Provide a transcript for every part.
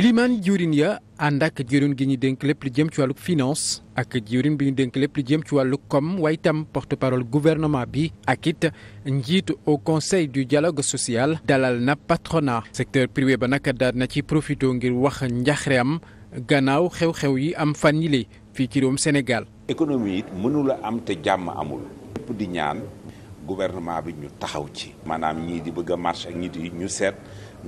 ilimaan jiwrin ya ànd ak jiwrin gi ñu dénk lépp lu jëm ci wàllu finance ak jiwrin bi ñu dénk lépp lu jëm ci wàllu kom waaye itam porte parole gouvernement bi ak it njiitu au conseil du dialogue social dalal na patronat secteur privé ba nag daal na ci profité ngir wax njaxre gannaaw xew-xew yi am fannile fii ci room Sénégal économie it mënula am te jàmm amul gouvernement bi ñu taxaw ci. maanaam ñii di bëgg a marché ak ñii di ñu seet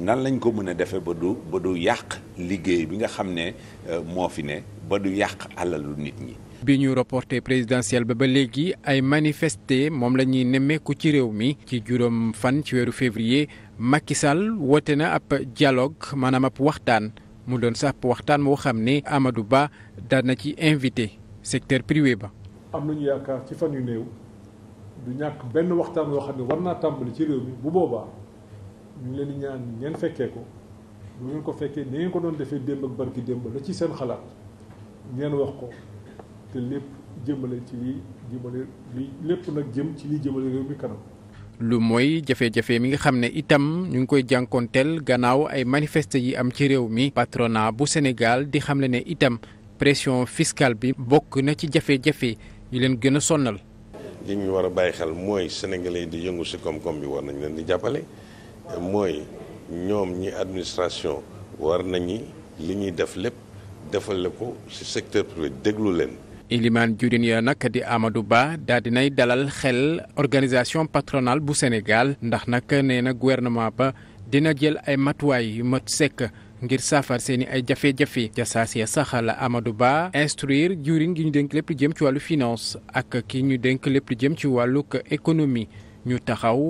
nan lañ ko mën a defee ba du ba du yàq liggéey bi nga xam ne euh, moo fi ne ba du yàq alalu nit ñi. bi ñu reporté présidentielle ba ba léegi ay manifeste moom la ñuy nemmeeku ci réew mi ci juróom fan ci weeru février Macky Sall woote na ab dialogue maanaam ab waxtaan mu doon sax waxtaan moo xam ni Amadou Ba daan na ci invité secteur privé ba. du ñàkk benn waxtaan woo xam ne war naa tàmbali ci réew mi bu boobaa ñu leen di ñaan ngeen fekkee ko bu ngeen ko fekkee ni ngeen ko doon defee démb ak barki démb ci seen xalaat ngeen wax ko te lépp jëmale ci li jëmale lépp nag jëm ci li jëmale réew mi kanam. lu mooy jafe-jafe mi nga xam ne itam ñu ngi koy jànkoonteel gannaaw ay manifeste yi am ci réew mi patronat bu Sénégal di xam ne ne itam pression fiscale bi bokk na ci jafe-jafe yu leen gën a sonnal. li ñuy war a bàyyi xel mooy sénégalais di yëngul si koom-koom bi war nañ leen di jàppale mooy ñoom ñi administration war nañu li ñuy def lépp defale ko si secteur privé déglu leen. Ilimaan Judin ya nag di Amadou Ba daal nay dalal xel organisation patronale bu Sénégal ndax nag nee na gouvernement ba dina jël ay matuwaay yu mat sekk. ngir saafar seen i ay jafe-jafe jasaas ya sax la Amadou Ba instruire juriñ gi ñu dénk lépp jëm ci wàllu finance ak ki ñu dénk lépp lu jëm ci wàllug économie ñu taxaw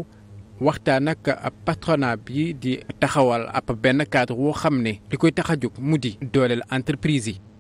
waxtaan ak patronat bi di taxawal ab benn cadre woo xam ne li koy tax a jóg mu di dooleel entreprise yi.